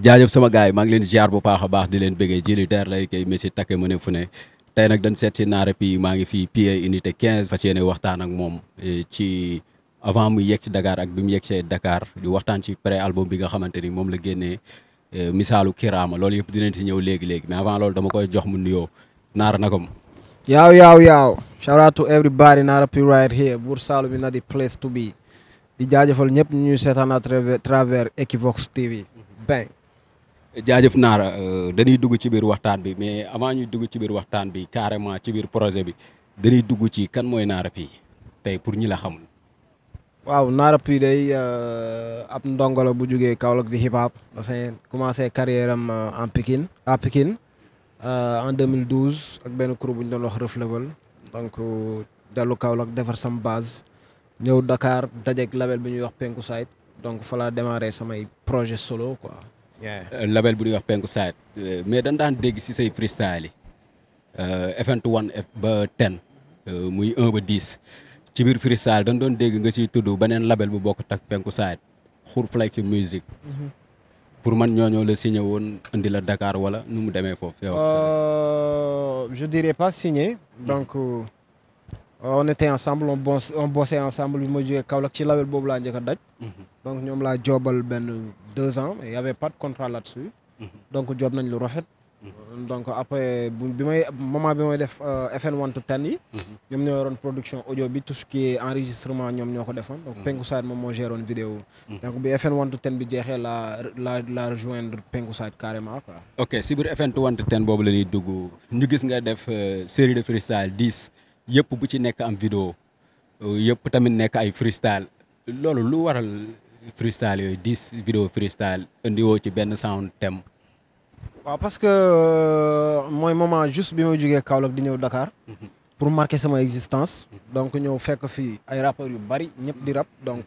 jaajëf sama gars yi maa ngi leen ziar bu baax a baax di leen bëggee jili teer lay kay messi takke mëne fu ne tey nag dañ si Naré P maa ngi fii pied unité 15 fas yéene waxtaan ak moom e, ci avant muy yegg si Dakar ak bi mu yegg see Dakar di waxtaan ci pré album bi nga xamante ni moom la génnee e, misaalu Kiraama loolu yëpp leen si ñëw léegi-léegi mais avant lool dama koy jox mu nuyoo Naara na kom yaaw yaaw yaaw shout out to everybody Naré P right here Buur na di place to be di jaajëfal ñëpp ñuy seetaan à travers Equivox TV bang jaajëf Naara euh, dañuy dugg ci biir waxtaan bi mais avant ñuy dugg ci biir waxtaan bi carrément ci biir projet bi dañuy dugg ci kan mooy Naara Pi tey pour ñi la xamul. waaw Naara Pi day euh, ab ndongola bu jugee Kaolack di hip hop parce que commencé carrière am euh, en Pikine à Pikine en 2012 ak benn crew bu ñu doon wax Ref Level donc dellu Kaolack defar sama base ñëw Dakar dajeeg label bi ñuy wax Penku Side donc fa laa samay projet solo quoi. Euh, label bu ñuy wax penku saat euh, mais dañ daan dégg si say freestyle yi euh, fn ba 10 muy 1 ba 10 ci biir freestyle dañ doon dégg nga ciy tudd beneen label bu bokk tak penku saat Xurflex Music mm-hmm. pour man ñooñoo la signé woon indi la Dakar wala nu mu demee foofu. je dirais pas signé donc. Euh, on était ensemble on bosse on bossait ensemble bi ma jógee Kaolack ci label boobu laa njëkk a daj. Mhm. donc ñoom laa joobal benn deux ans mais y avait pas de contrat là-dessus. Mhm. donc joob nañ lu rafet. Mhm. donc après bi may moment bi may def euh, FN one to ten yi. ñoom ñoo production audio bi tout ce qui est enregistrement ñoom ñoo ko defoon. donc Penku Saad moom moo géroon vidéo donc bi FN bi jeexe la la la rejoindre Penku Saad carrément quoi. ok si biir FN one to boobu la ñuy dugg ñu gis nga def euh, série de freestyle dis yëpp bu ci nekk am vidéo yëpp tamit nekk ay freestyle loolu lu waral freestyle yooyu dix vidéo freestyle indiwoo ci benn sound thème. waaw parce que euh, moy moment juste bi may jógee Kaolack di ñëw Dakar. pour marquer sama existence. donc ñëw fekk fii ay rappeurs yu bari ñëpp di rab donc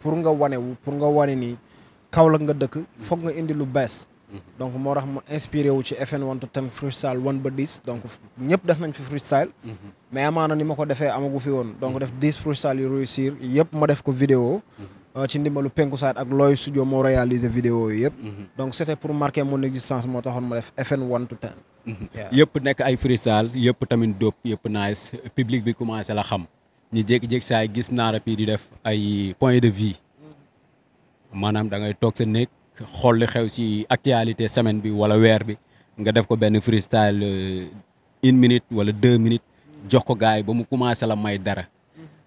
pour nga wane wu pour nga wane nii Kaolack nga dëkk. foog nga indi lu bees. donc moo tax ma inspiré wu ci FN one to ten freestyle one ba dis donc ñëpp def nañ fi freestyle mais amaana ni ma ko defee amagu fi woon donc def dix freestyle yu réussir yëpp ma def ko vidéo euh, ci ndimbalu penku saat ak looy studio moo réaliser vidéo yi yëpp donc c'était pour marquer mon existence moo taxoon ma def FN one to ten yëpp nekk ay freestyle yëpp tamit dóob yëpp nice public bi commencé la xam ñu jékki-jékki saay gis naara pii di def ay point de vie maanaam da toog sa néeg xool li xew ci actualité semaine bi wala weer bi nga def ko benn freestyle euh, une minute wala deux minutes jox ko gars yi ba mu commencé la may dara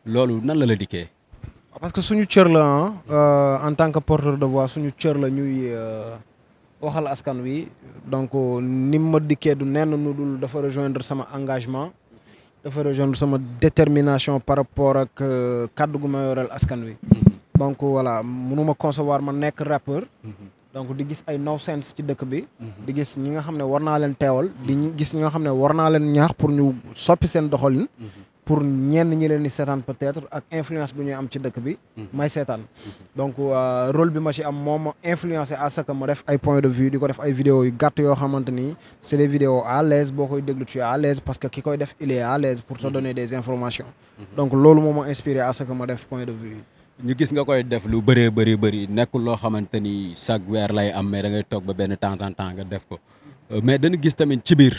loolu nan la la dikkee. Ah, parce que suñu cër la euh, en tant que porteur de voix suñu cër la ñuy euh, waxal askan wi donc ni ma dikkee du nenn nu dul dafa rejoindre sama engagement dafa rejoindre sama détermination par rapport ak kàddu gu ma askan wi. donc voilà mënuma concevoir ma nekk rappeur. Mhm. donc di gis ay nonsense ci dëkk bi. Mhm. di gis ñi nga xam ne war naa leen teewal. di gis ñi nga xam ne war naa leen ñaax pour ñu soppi seen doxalin. Mhm. pour ñenn ñi leen di seetaan peut-être ak influence bu ñuy am ci dëkk bi. may seetaan donc euh, rôle bi ma ci am moo ma influencé à ce que ma def ay point de vue di ko def ay vidéo yu gàtt yoo xamante ni c'est des à l'aise boo koy déglu tu es à l'aise parce que ki koy def il à l'aise pour te donner des informations. donc loolu moo à ce que def point de ñu gis nga koy def lu bëree bëri bëri nekkul loo xamante ni chaque weer lay am mais da ngay toog ba benn temps en temps nga def ko euh, mais dañu gis tamit ci biir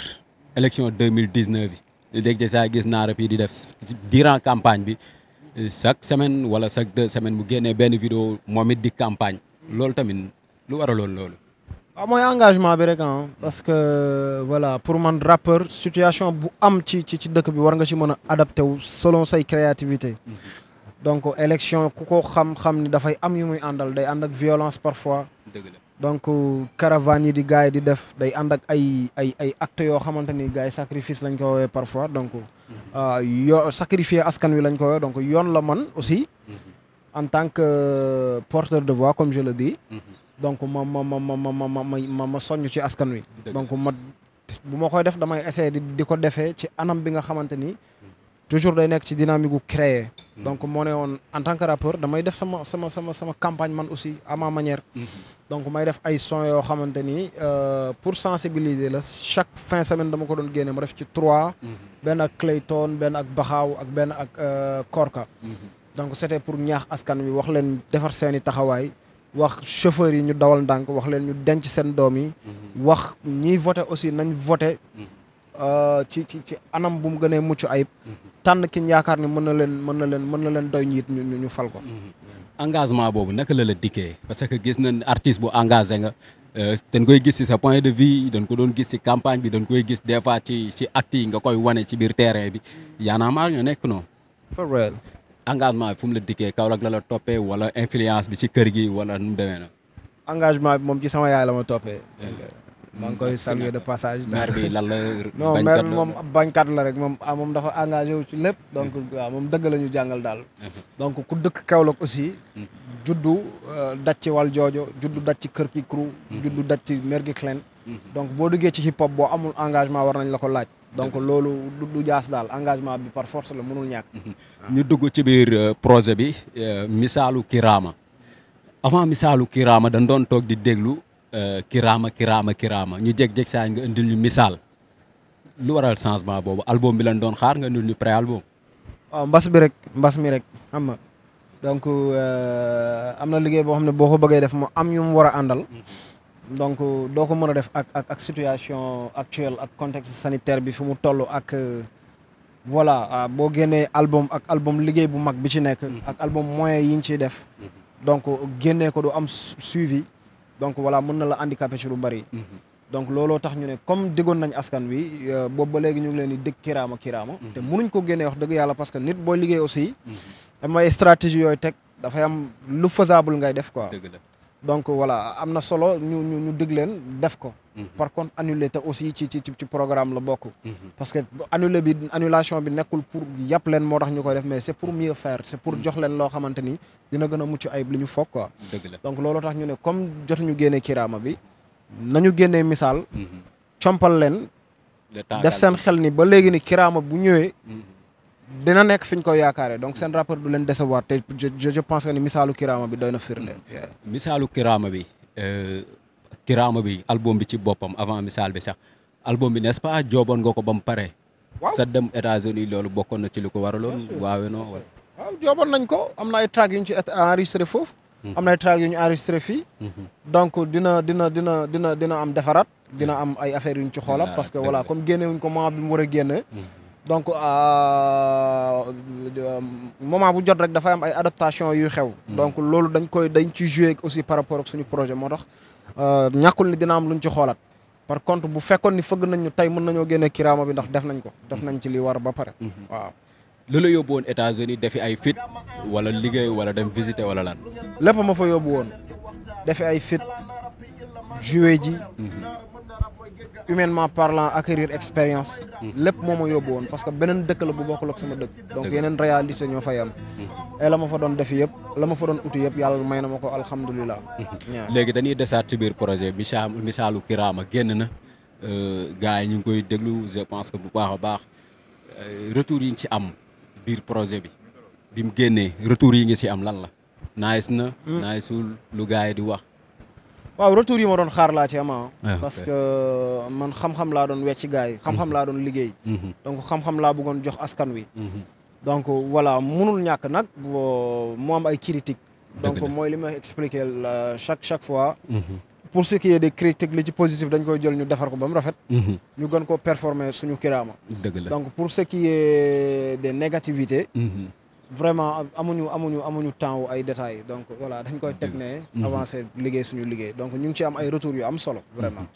élection 2019 yi léegi saa gis naarab yi di def dirant campagne bi euh, chaque semaine wala chaque deux semaines bu génnee benn vidéo moom it di campagne loolu tamit lu war waraloon loolu. a mooy engagement bi rek ah parce que euh, voilà pour man rappeur situation bu am ci ci ci dëkk bi war nga ci mën a adapté wu selon say donc élection ku ko xam-xam ni dafay am yu muy àndal day ànd ak violence parfois. dëgg donc euh, caravane yi di gars yi di def day ànd ak ay ay ay actes yoo xamante ni gars yi sacrifice lañ ko woowee parfois donc. Euh, yoo sacrifier askan wi lañ ko woowee donc yoon la man aussi. Mm-hmm. en tant que euh, porteur de voix comme je le dis. Mm-hmm. donc ma ma ma ma ma ma ma ma soññ ci askan wi. donc ma bu ma koy def damay essayer di ko defee ci anam bi nga xamante ni. Mm-hmm. toujours day nekk ci dynamique gu créer. donc moo ne woon en tant que rappeur damay def sama sama sama sama campagne man aussi à ma manière. Mm-hmm. donc may def ay son yoo xamante ni euh, pour sensibiliser la chaque fin semaine dama ko doon génne ma def ci trois. Mm-hmm. benn ak Clayton benn ak Baxaaw ak benn ak euh, Korka. Mm-hmm. donc c'était pour ñaax askan wi wax leen defar seeni taxawaay. wax chauffeurs yi ñu dawal ndànk wax leen ñu denc seen doom yi. wax ñiy voté aussi nañ voté. Euh, ci ci anam bu mu gënee mucc ayib tànn kin yaakaar ni mën na leen mën na leen mën na leen doy njiit ñu ñu fal ko engagement boobu naka la la dikkee parce que gis nañ artiste bu engagé nga euh, dañ koy gis ci sa point de vue dañ ko doon gis ci campagne bi dañ koy gis des fois ci ci yi nga koy wane ci biir terrain bi Y'en a marre ñoo nekk noo for real engagement bi la dikkee Kaolack la la toppee wala influence bi ci kër gi wala nu mu na engagement bi moom ci sama yaay la ma toppee maa ngi koy saluer de passage. maire bi lan la non maire bi la rek moom ah moom dafa engagé wu ci lépp. donc mm-hmm. waaw moom dëgg la ñu jàngal daal. Mm-hmm. donc ku dëkk Kaolack aussi. Mm-hmm. juddu euh, daj ci wal juddu daj ci kër ki crew. juddu daj ci mergi clen donc boo duggee ci hip hop boo amul engagement war nañ la ko laaj. donc loolu du jaas daal engagement bi par force la mënul ñàkk. Ah. ñu dugg ci biir euh, projet bi euh, misaalu Kirama avant misaalu Kirama dañ doon toog di déglu. Euh, kiraama kiraama kiraama ñu jeg-jeg saa nga indil ñu misaal lu waral changement boobu album bi lañ doon xaar nga indil ñu pré album. mbas bi rek mbas mi rek xam donc euh, am na liggéey boo xam ne boo ko bëggee def mu am ñu mu war a àndal. donc doo ko mën a def ak ak ak situation actuelle ak contexte sanitaire bi fu mu toll ak. Euh, voilà boo génnee album ak album liggéey bu mag bi ci nekk. Mm-hmm. ak album moyen yi ñu ciy def. Mm-hmm. donc génnee ko du am suivi. donc voilà mën na la handicapé ci lu bari. Mhm. donc looloo tax ñu ne comme déggoon nañ askan bi euh, boob ba léegi ñu ngi leen di dégg kiraama kiraama. Mhm. te mënuñ ko génnee wax dëgg yàlla parce que nit booy liggéey aussi. damay mhm. stratégie yooyu teg dafay am lu faisable ngay def quoi. dëgg la. donc voilà am na solo ñu ñu ñu dégg leen def ko. Mhm. par contre annulé te aussi ci ci ci programme la bokk. Mhm. parce que annulé bi annulation bi nekkul pour yàpp leen moo tax ñu koy def mais c'est pour mieux faire c'est pour mhm. jox leen loo xamante ni dina gën a mucc ay lu ñu foog quoi. dëgg la donc loolu tax ñu ne comme jotuñu génnee kiraama bi nañu génnee misaal. compal leen. def seen xel ni ba léegi ni kiraama bu ñëwee. dina nekk fi ko yaakaaree donc seen rapport du leen décevoir te je je pense que ni misaalu kiraama bi doy na firnde. Mm. misaalu kiraama bi euh, kiraama bi album bi ci boppam avant misaal bi sax album bi n'est-ce pas jooboon nga ko ba mu pare. waaw sa dem États-Unis loolu bokkoon na ci lu ko waraloon. waawe noo wala waaw jooboon nañ ko am na ay track yu ñu ci enregistré foofu. Mm-hmm. am na ay track yu ñu enregistré fii. Mm-hmm. donc dina dina dina dina dina am defaraat. Mm-hmm. dina am ay affaires yu ñu ci xoolal parce que voilà comme génne wuñ ko moment war a génne. donc euh, euh, moment bu jot rek dafa am ay adaptation yuy xew. Hmm. donc loolu dañ koy dañ ci jouer aussi par rapport ak suñu projet moo tax euh, ñàkkul ni dina am luñ ci xoolaat. par contre bu fekkoon ni fëgg nañ ñu tey mën nañoo génne kiraama bi ndax def nañ ko def hmm. nañ ci li war ba pare. Hmm. waaw lu la yóbbu woon États-Unis defi ay fit wala liggéey wala dem visiter wala lan. lépp ma fa yóbbu woon defi ay fit jouer ji. humainement parlant acquérir expérience. lépp moo ma yóbbu woon parce que beneen dëkk la bu bokkul ak sama dëkk. donc yeneen réalité ñoo fay am. et la ma fa doon def yëpp la ma fa doon uti yëpp yàlla may na ma ko alhamdulilah. léegi dañuy desaat si biir projet bi misaalu Kirama génn na euh, gars yi ñu ngi koy déglu je pense que bu baax a baax euh, retour yi ñu ci am biir projet bi bi mu génnee retour yi nga ci am lan la. nice na. Hmm. niceul lu gars yi di wax. waaw retour yi ma doon xaar laa ci ah. Ah, parce que euh, man xam-xam laa doon wecci gars yi xam-xam mhm. laa doon liggéey mhm. donc xam-xam laa bëggoon jox askan wi mhm. donc euh, voilà munul ñàkk nag mu am ay critique donc mooy li ma expliquer chaque chaque fois pour ce qui est des critiques li ci positif dañ koy jël ñu defar ko ba mu rafet ñu gën koo performer suñu kiraama donc pour ce qui est des négativité vraiment amuñu amuñu amuñu temps wu ay détails donc voilà dañ koy teg ne mhm. avancé liggéey suñu liggéey donc ñu ngi ci am ay retours yu am solo mhm. vraiment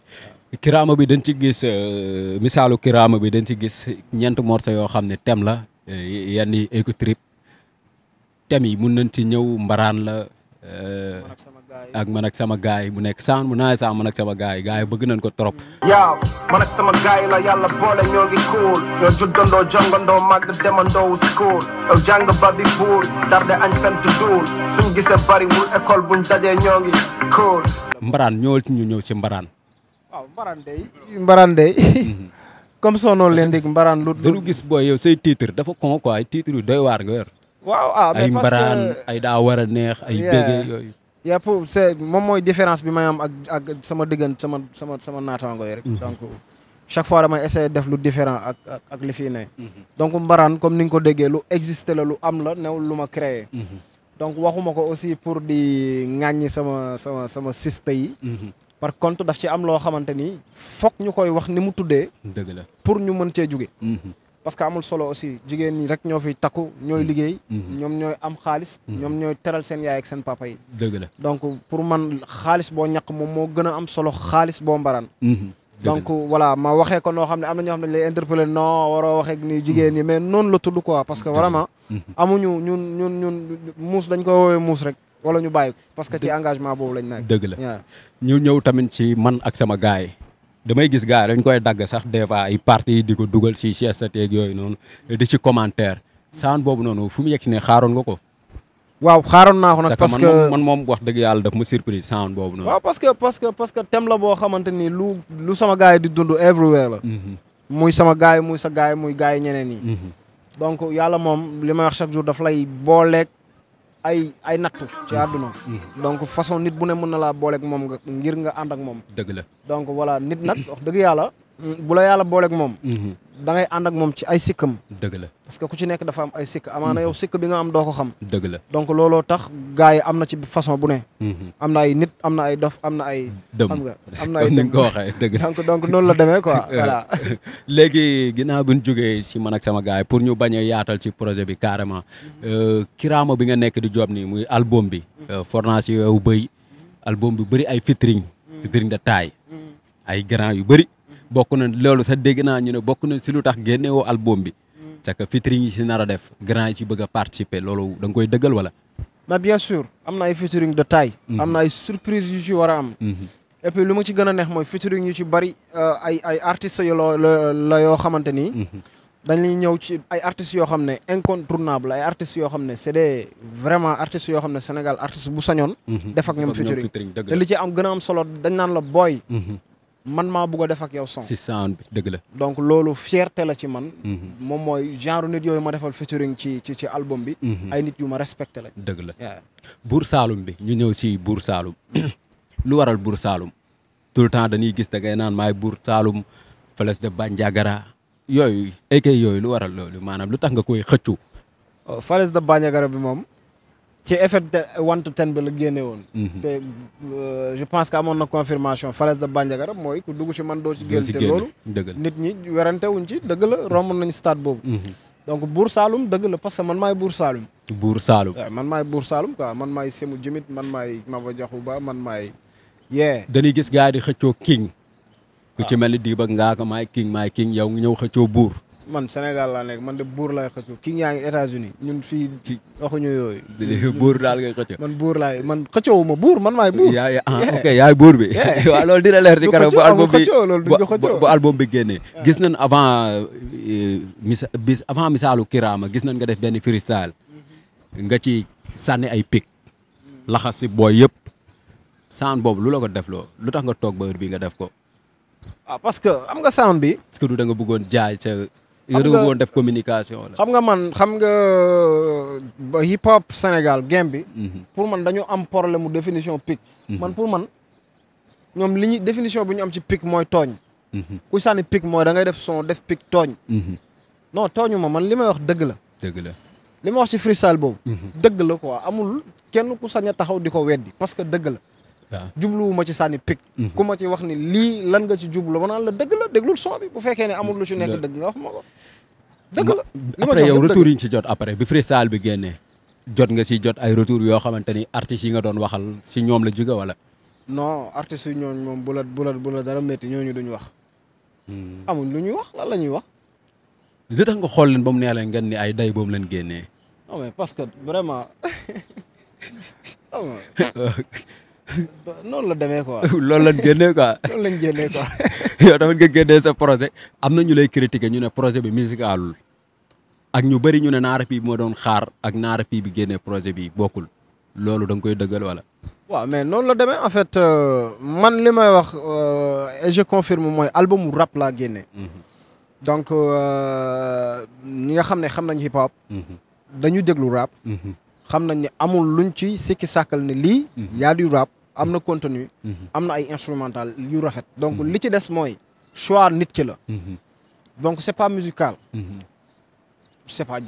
kiraama bi dañ ci gis euh, misaalu kiraama bi dañ ci gis ñeent morceaux yoo xam ne thème la euh, yenn yi éco yi mun nañ ci ñëw mbaraan la euh, ak man ak sama gaay bu nekk saan bu naay saan man ak sama gaay gaay bëgg nañ ko trop. yaaw man ak sama gaay la yàlla boole ñoo ngi cool ñoo juddandoo jongandoo màgg demandoo school yow jàng ba bi buur tarde añ fent duul suñ gisee bariwul école buñ dajee ñoo ngi cool. Mbaraan ñoo ci ñu ñëw si Mbaraan. waaw Mbaraan day Mbaraan day comme soo Mbaraan ah, Mbaraan ay daa war neex ay. dégg yaa pour moom mooy différence bi may ak ak sama diggante sama sama sama naataango yi rek. Mm-hmm. donc chaque fois damay essayer def lu différent ak ak li fii ne. Mm-hmm. donc mbaran comme ni nga ko déggee lu existé la lu am la new lu ma créé. Mm-hmm. donc waxuma ko aussi pour di ŋàññi sama sama sama siste yi. par contre daf ci am loo xamante ni foog ñu koy wax ni mu tuddee. dëgg la pour ñu mën cee jóge parce que amul solo aussi jigéen ñi rek ñoo fi takku ñooy mm-hmm. liggéey. Mm-hmm. ñoom ñooy am xaalis. Mm-hmm. ñoom ñooy teral seen yaay ak seen papa yi. dëgg la donc pour man xaalis boo ñàkk moom moo gën a am solo xaalis boo mbaraan. donc voilà ma waxee ko noo xam ne am na ñoo xam ne dañ lay interpeller non waroo waxee ni jigéen ñi mais noonu la tudd quoi parce que vraiment. amuñu ñun ñun ñun muus dañ ko woowee muus rek. wala ñu bàyyi parce que ci engagement boobu lañ nekk. dëgg la ñu ñëw tamit ci man ak sama gaay damay gis gars dañ koy dagg sax des fois ay parti yi di ko dugal si CSTEG yooyu noonu di ci commentaire saan boobu noonu fu mu yegg ne xaaroon nga ko. waaw xaaroon naa ko nag parce que man moom wax dëgg yàlla daf ma surprise saan boobu noonu. waaw parce que parce que parce que la boo xamante ni lu lu sama gars yi di dund everywhere la. Mhm. muy sama gars yi muy sa gars yi muy gars yi ñeneen yi. Mhm. donc yàlla moom li may wax chaque jour daf lay booleeg. ay ay nattu ci hmm. àdduna hmm. donc façon nit bu ne mën na laa booleek moom nga ngir nga ànd ak moom dëgg la donc voilà nit nag wax dëgg yàlla bu yàlla booleeg moom hmm. da ngay ànd ak moom ci ay sikkam. dëgg la parce que ku ci nekk dafa am ay sikk amaana yow mhm. sikk bi nga am doo ko xam. dëgg la donc looloo tax gars yi am na ci façon bu ne. Mhm. am na ay nit am na ay dof am na ay. dëmm xam nga am na ay ko waxee dëgg donc donc noonu la demee quoi voilà. léegi ginnaaw bi ñu jógee si man ak sama gars yi pour ñu bañ a yaatal si projet bi carrément mhm. euh, kiraama bi nga nekk di job nii muy album bi. Euh, fornage yow bëy album bi bëri ay featuring featuring de taille ay grand yu bëri. bokk na loolu sax dégg naa ñu ne bokk na si lu tax génnewoo album bi mm. c'est que featuring yi si nara def grand yi ci bëgg a participer loolu da nga koy dëggal wala. mais bien sûr am na ay featuring de taille. Mm-hmm. am na ay surprise yu ci war a am. Mm-hmm. et lu ma ci gën a neex mooy featuring yu ci bari euh, ay ay artistes yu la la yoo xamante ni. Mm-hmm. dañuy ñëw ci ay artistes yoo xam ne incontournable ay artistes yoo xam ne c'est des vraiment artistes yoo xam ne Sénégal artiste bu sañoon. def ak ñoom featuring te li ci am gën a am solo dañ naan la booy. man maa bugg a def ak yow son. si bi dëgg la. donc loolu fierté la ci man. Mhm. moom mooy genre nit yooyu ma defal featuring ci ci ci album bi. Mhm. ay nit yu ma respecté la. dëgg la buur Saalum bi ñu ñëw si buur Saalum. lu waral buur Saalum. tout le temps dañuy gis da ngay naan maay buur Saalum Félès de Bandiagara yooyu ay kay yooyu lu waral loolu maanaam lu tax nga koy xëccu. Oh, Félès de Bandiagara bi moom. ci effet one to ten bi la génne woon. Mhm. te euh, je pense que amoon na confirmation falaise de Bandiagara mooy ku dugg ci man doo ci génn te nit ñi werante wuñ ci dëgg la romb nañu stade boobu. Mhm. donc Buur Saalum dëgg la parce que man maay Buur Saalum. Buur Saalum man maay Buur Saalum quoi man maay Sémou Djimit man maay Maba Diakhou Ba man maay. yee dañuy gis gars di xëccoo king. ku ci mel ni di Diba Ngaaka maay king maay king yow gu ñëw xëccoo buur. man Sénégal laa nekk man de buur laay xëccu ki ñaa ngi États-Unis ñun fii. ci waxuñu yooyu. buur daal ngay xëccu. man buur laay man xëccoowu ma buur man maay buur. yaa ah ok yaay buur bi. waaw loolu dina leer si kanam bu album bi bu album bi génnee. gis nañ avant euh, misa bis avant misaalu Kiraama gis nañ nga def benn freestyle mm-hmm. nga ci sanni ay pic. laxas si booy yëpp. saan boobu lu la ko def loo lu tax nga toog ba heure bi nga def ko. Ah, parce que am nga sound bi. est que du da nga bëggoon jaay woon def communication la. xam nga man xam nga ba hip hop Sénégal game bi. Mhm. pour man dañoo am problème mu définition pic. Mhm. man pour man ñoom li ñuy définition bi ñu am si pic mooy tooñ. Mhm. ku sànni pic mooy da ngay def son def pic tooñ. non tooñu ma man li may wax dëgg la. dëgg la li ma wax si freestyle boobu. dëgg la ko amul kenn ku sañ a taxaw di ko weddi parce que dëgg la. jubluwuma ci sànni picc mhm. ku ma ci wax ni lii lan nga ci jublu ma naan la dëgg la déglul son bi bu fekkee ne amul lu ci nekk dëgg nga wax ma ko dëgg yow retour yi ci jot après bi freestyle bi génnee jot nga si jot ay retour yoo xamante ni artistes yi nga doon waxal si ñoom la jóge wala non artistes yi ñooñ moom bu la dara métti ñooñu duñ wax hmm. amuñ lu ñuy wax lan la ñuy wax li tax nga xool leen ba mu neex leen ngeen ni ay day boobu leen génnee non mais parce que vraiment noonu la demee quoi. loolu lañ génnee quoi. loolu lañ sa projet am na ñu lay ñu ne projet bi musicalul ak ñu bëri ñu ne Narra P bi doon xaar ak Narra P bi génnee projet bi bokkul loolu da nga koy dëggal wala. mais noonu la demee en fait euh, man li may wax e je confirme mooy albumu rap laa génne mhm. donc euh, ñi nga xam ne xam nañ hip hop. Mhm. dañu déglu rap. Mhm. xam nañ amul luñ ci sikki sàkkal ne lii. yaa rap. am na contenu. Mhm. am na ay instrumental yu rafet. donc mhm. li ci des mooy choix nit ki la. Mhm. donc sepa pas musical. c'est pas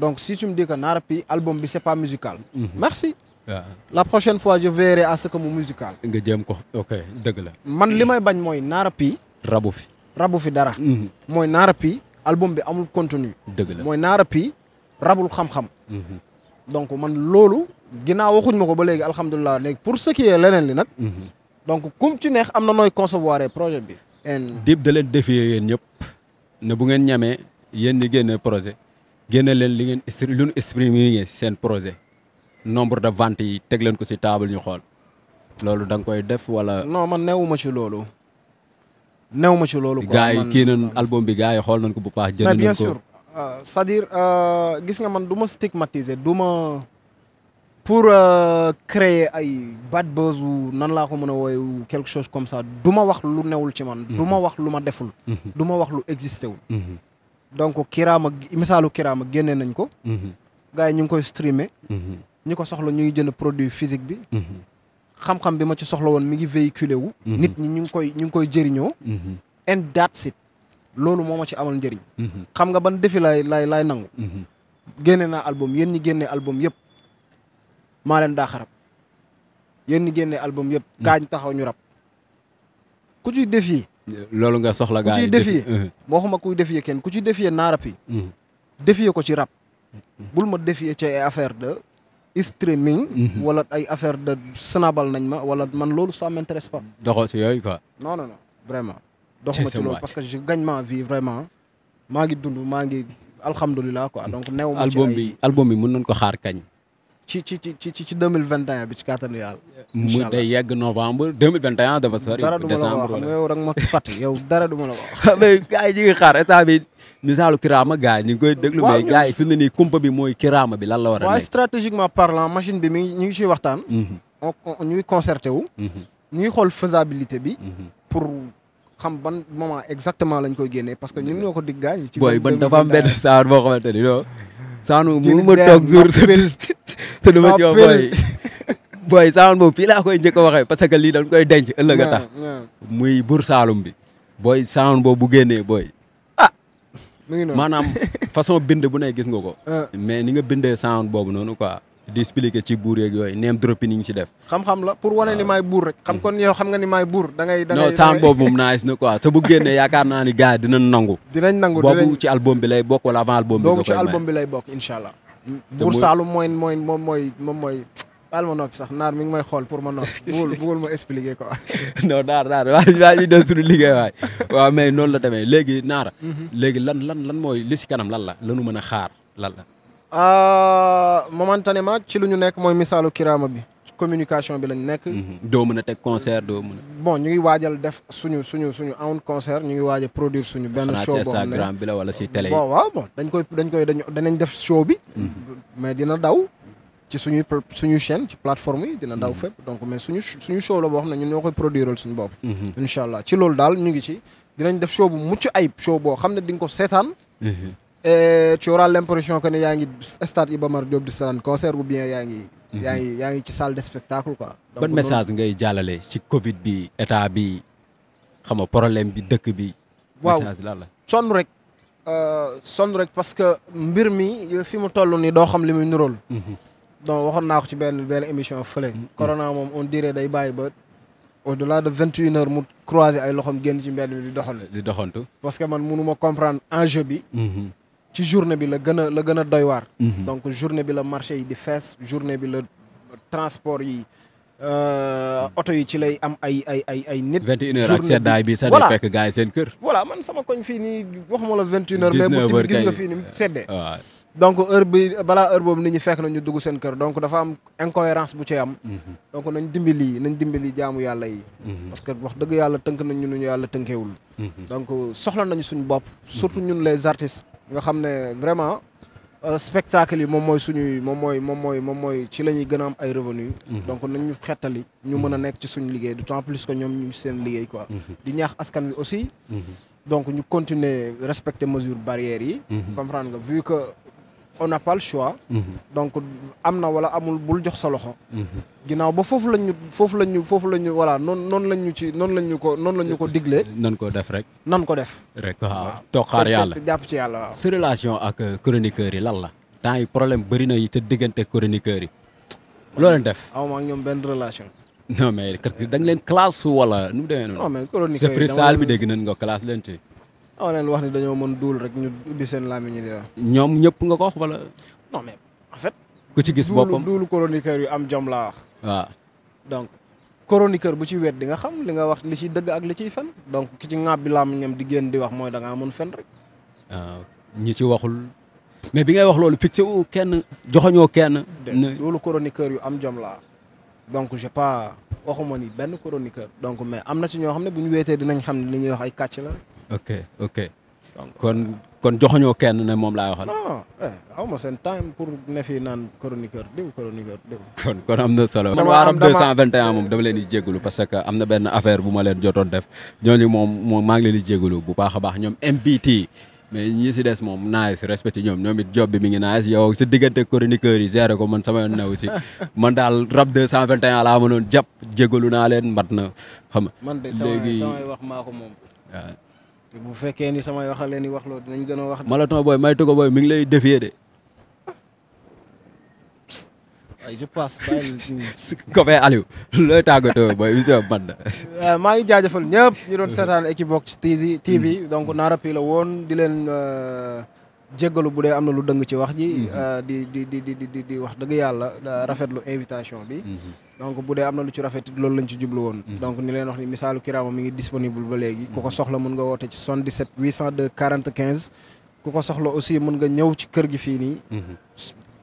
donc si tu me Pi album bi c'est pas musical. merci. Ah. la prochaine fois je verrai à ce que mu musical. nga jéem ko ok la. man li may bañ mooy Naara Pi. rabu fi rabu fi dara. mooy Naara Pi album bi amul contenu. dëgg la mooy Naara Pi rabul xam-xam. donc man loolu ginnaaw waxuñ ma ko ba léegi alhamdulilah léegi pour ce qui est leneen li nag. Mhm. donc comme ci neex am na nooy concevoir projet bi. Dip da leen défier yéen ñëpp ne bu ngeen ñamee yéen ñi génne projet génne leen li ngeen lu ñu exprimer seen projet nombre de ventes yi teg leen ko si taable ñu xool loolu da nga koy def wala. non man newuma ci loolu. newuma ci loolu. quoi man gars yi kii nañ album bi gars yi xool nañ ko bu baax. jënd nañ ko Euh, c'est-à-dire euh, gis nga man du ma stigmatiser du ma pour euh, créer ay bad buzz nan laa ko mën a wooye ou quelque chose comme ça duma wax lu newul ci man mhm. du ma wax lu ma deful mhm. du ma wax lu existé wul mhm. donc kiraama misaalu kiraama génnee nañ ko gars yi ñu ngi koy streamer ñu ko soxla ñu ngi jënd produit physique bi xam-xam bi ma ci soxla woon mi ngi véhiculé wu nit ñi ñu ngi koy ñu ngi koy jëriñoo and that's it loolu moo ma ci amal njëriñ. Mhm. xam nga ban défi laay laay laay nangu. Mhm. génne naa album yéen ñi génne album yëpp maa leen daa xarab yéen ñi génne album yëpp. kaañ mhm. taxaw ñu rab ku ciy défi. loolu nga soxla gaa yi ku ciy défi waxuma kuy défi kenn ku ciy défi naa rab yi. défi ko ci rab. bul ma défi ci ay affaire de. streaming. wala ay affaire de snabal nañ ma wala man loolu ça m'intéresse doxo si yooyu quoi. non non non vraiment. donc ma ci parce que je gagne ma vraiment maa ngi dund maa ngi alhamdulilah quoi donc new ma ci album bi album bi mën nañ ko xaar kañ ci ci ci ci ci deux mille vingt et un bi ci kàttanu mu day yegg novembre deux mille vingt et un dafa sori décembre wala yow rek ma fàtt ma la ñu ngi kiraama gars yi ñu ngi koy déglu mais gars yi fi mu ne nii kumpa bi mooy kiraama bi lan la war a nekk waaw stratégiquement machine bi mi ngi ñu ngi ciy waxtaan mhm. on ñu ngi concerté wu mhm. ñu ngi xool faisabilité bi mhm. xam ban moment exactement lañ koy génnee parce que ñun ñoo ko dig gaañ. ci booy ban dafa am benn saar boo xamante ni non. saanu mu ma toog jour te du ma ci wax booy. booy saanu boobu laa koy njëkk a waxee parce que lii dañ koy denc ëllëg muy bur saalum bi. booy saanu boobu bu génnee booy. ah. maanaam façon bind bu ne gis nga ko. mais ni nga bindee saanu boobu noonu quoi. displiqué ci buur yeeg yooyu neem dropping yi ñu si def. xam-xam la pour wane ni maay buur rek. xam kon yow xam nga ni maay buur saan boobu moom nice na quoi sa bu génnee yaakaar naa ni gars yi dinañ nangu. dinañ nangu boobu ci album bi lay bokk wala avant album bi. nga koy ci album bi lay bokk incha buur Saalum mooy mooy moom mooy moom mooy. baal ma noppi sax naar mi ngi may xool pour ma noppi buggul buggul ma expliquer quoi. non naar naar waaye waa ñu dem suñu liggéey waay waaw mais noonu la demee léegi naar. Mhm. léegi lan lan lan mooy li si kanam lan la lanu mën a xaar lan la. Euh, momentanément ci lu ñu nekk mooy misaalu kiraama bi communication bi lañ nekk. Mhm. doo mën a teg concert doo mën a. bon ñu ngi waajal def suñu suñu suñu awn concert ñu ngi waaj a produire suñu. benn show boo xam ne Instagram wala si télé yi. bon waaw dañ koy dañ danañ def show bi. Mhm. mais dina daw ci suñuy suñu chaîne ci plateforme dina daw mhm. fépp donc mais suñu suñu show la boo xam ñoo koy produiral suñu bopp. incha allah ci loolu daal ñu ngi ci dinañ def show bu mucc ayib show boo xam ne di nga ko seetaan. et eh, tu auras l'impression que ne yaa ngi stade Iba Mar Diop di seetaan concert ou bien yaa ngi. Mhm. yaa yaa ngi ci salle de spectacle quoi. ban message ngay jàllale ci Covid bi état bi xam nga problème bi dëkk bi. message lan la waaw sonn rek. Euh, sonn rek parce que mbir mi fi mu toll nii doo xam li muy nurool mhm. donc waxoon naa ko ci benn benn émission fële. Mhm. corona moom on dirait day bàyyi ba. au delà de vingt et une heures mu croisé ay loxoom génn ci mbedd mi di doxantu. di doxantu parce que man mënu ma comprendre enjeu bi. ci journée bi la gën a la gën a doy waar. Mhm. donc journée bi la marché yi di fees journée bi la transport yi euh, oto yi ci lay am ay ay ay ay nit. vingt ak seddaay bi sax di fekk gars seen kër. voilà man sama koñ fii nii waxuma la vingt et une heures. dix gis nga fii nii seddee. donc heure bi balaa heure boobu ni ñi fekk na ñu dugg seen kër donc dafa am incohérence bu ci am. Mhm. donc nañ dimbali nañ dimbali jaamu yàlla yi. Mhm. parce que wax dëgg yàlla tënk nañ ñu nu ñu yàlla tënkeewul. donc soxla nañu suñu bopp. surtout ñun nga xam ne vraiment euh, spectacle yi moom mooy suñuy moom mooy moom mooy moom mooy ci lañuy ñuy gën a am ay revenus mhm. donc ñu xettali ñu mën a nekk ci suñu liggéey d'autant plus que ñoom ñu seen liggéey quoi mhm. di ñaax askan wi aussi mhm. donc ñu continuer respecter mesures barrières yi comprendre nga vu que on n'a pas le choix. Mhm. donc am na wala amul bul jox sa loxo. Mhm. ginnaaw ba foofu lañ ñu foofu lañ ñu foofu lañ ñu voilà noonu noonu lañ ñu ci noonu lañ ñu ko noonu lañ ñu ko diglee. nan ko def rek. nan ko def. rek waaw toog xaar yàlla jàpp ci yàlla waaw. relation ak euh, chroniqueurs yi lan la. temps yi problème bëri na yi sa diggante chroniqueurs yi. loo leen def. aw ak ñoom benn relation. non mais da nga leen classe wala nu mu demee noonu. non mais chroniqueurs yi dama bi dégg nañ nga classe leen ci. waaw leen wax ni dañoo mën duul rek ñu di seen làmmiñ di la. ñoom ñëpp nga ko wax wala. non mais en fait. ku ci gis boppam duulu chroniqueur yu am jom laa wax. donc chroniqueur bu ci wet di nga xam li nga wax li ciy dëgg ak li ciy fen donc ki ci ŋàbbi làmmiñam di génn di wax mooy da ngaa mën fen ah, ñi ci waxul. mais bi ngay wax loolu fixé wu kenn joxoñoo kenn. loolu chroniqueur yu am jom laa donc j'ai pas waxuma ni benn chroniqueur donc mais am na si ñoo xam ne bu ñu weetee dinañ xam ne li ñuy wax ay kàcc la. ok ok kon euh, kon joxuñoo kenn ne moom laa waxal. non eh, aw ma seen time pour ne fii naan chroniqueur diw chroniqueur diw. kon kon am na solo. dama am dama kon Waarab 221 moom dama leen di jégalu parce que am na benn affaire bu ma leen jotoon def ñooñu moom moom maa ngi leen di bu baax a baax ñoom MBT. mais ñi si des moom naaj respecte ñoom ñoom it job bi mi ngi naaj yow diggante chroniqueur yi géré ko man sama yoon na aussi man daal rab 221 laa mënoon jàpp jégalu naa leen mbat na xam nga. léegi man de samay wax maa ko moom. bu fekkee ni samay waxal leen di wax loolu dinañ gën a wax. Malaton booy may tugo booy mi ngi lay défier de. waaye je passe bàyyi Aliou looy tàggatoo booy émission ban la. waaw euh, maa ngi jaajëfal ñëpp ñu doon seetaan Equivox TV. donc Narappi la woon di leen. Euh, jéggalu bu dee am na lu dëng ci wax ji. Mhm. Euh, di di di di di di wax dëgg yàlla euh, rafetlu invitation bi. Mhm. donc bu dee am na lu ci rafet loolu lañ ci jublu woon. Mhm. donc ni leen wax ni misaalu Kirama mi ngi disponible ba léegi. ku ko soxla mën nga woote ci 77 802 45 ku ko soxla aussi mën nga ñëw ci kër gi fii nii.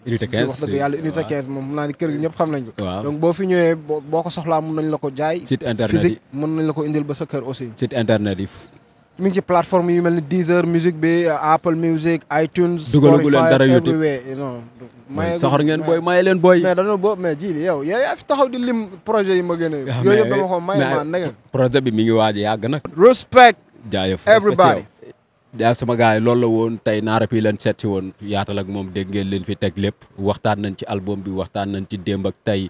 unité 15 wax dëgg yàlla unité 15 moom naa ni kër gi ñëpp xam nañ ko. donc boo fi ñëwee boo ko soxlaa mun nañ la ko jaay. site internet yi physique mun nañ la ko indil ba sa kër aussi. site internet yi. mi ngi ci plateforme yu mel ni Deezer musique bi uh, Apple Music iTunes. Spotify dugalagu leen dara YouTube non. maye ngeen booy maye leen booy. mais dañoo boobu mais yow yaa fi taxaw di lim projet yi ma gën a. Ah, yooyu yëpp dama ko maye maa nekk. projet bi mi ngi waaj a yàgg nag. respect. jaajëf everybody. yaa sama gars yi loolu la woon tey naara fii leen seet woon yaatal ak moom dégg ngeen leen fi teg lépp waxtaan nañ ci album bi waxtaan nañ ci démb ak tey.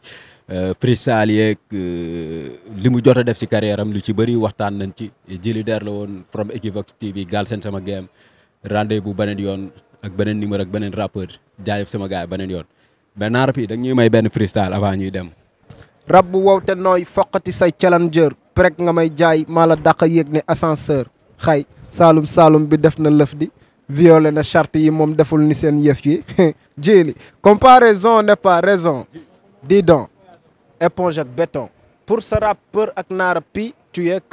Euh, freestyle yeeg euh, li mu jot a def ci carrière am lu ci bëri waxtaan nañ ci jili der la woon from Equivox TV Galsen sama game rendez-vous beneen yoon ak beneen numéro ak beneen rappeur jaayef sama gaay beneen yoon mais naar bi da ñuy may benn freestyle avant ñuy dem. rab bu wow te nooy foqati say challenger prek nga may jaay mala la dàq ne ascenseur xay saalum saalum bi def na lëf di. violé na charte yi moom deful ni seen yëf yi jéeli comparaison n'est pas raison dis donc éponge ak béton pour sa rappeur ak naara pi tu es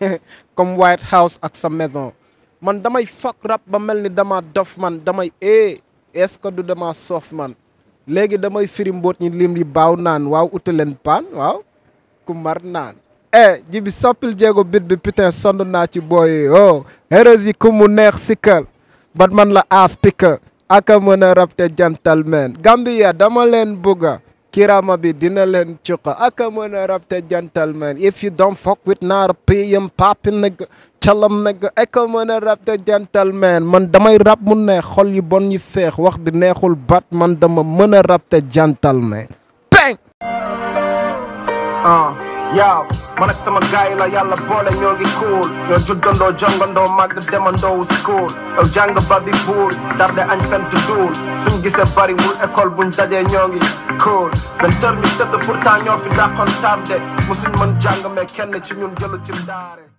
comme White House ak sa maison man damay fak rap ba mel ni dama dof man damay eh est-ce que du dama soof man léegi damay firi mboot ñi lim li baaw naan waaw utaleen paan waaw ku mar naan eh jibi soppil jéego bit bi putain sonn naa ci booyi oh héros yi ku mu neex sikkal bat man la aas aka mën a rap te gentleman Gambia dama leen bugga kirama bi dina leen cuqa aka mën a rabte gentleman if you don't fuck with naar piyam papin nag aka mën a gentleman man damay rab mu neex xol yu bon yu feex wax bi neexul bat man dama mën a rabte gentleman bang ah. yaaw man ak sama gaay la yàlla boole ñoo ngi cool ñoo juddandoo jongandoo màgg demandoo school yow jàng ba bi buur tarde añ fent duul suñ gisee bariwul école buñ dajee ñoo ngi cool benn tër ñu tëdd pourtant ñoo fi dàqoon tarde musuñ mën jàng mais kenn ci ñun jëlu ci ndaare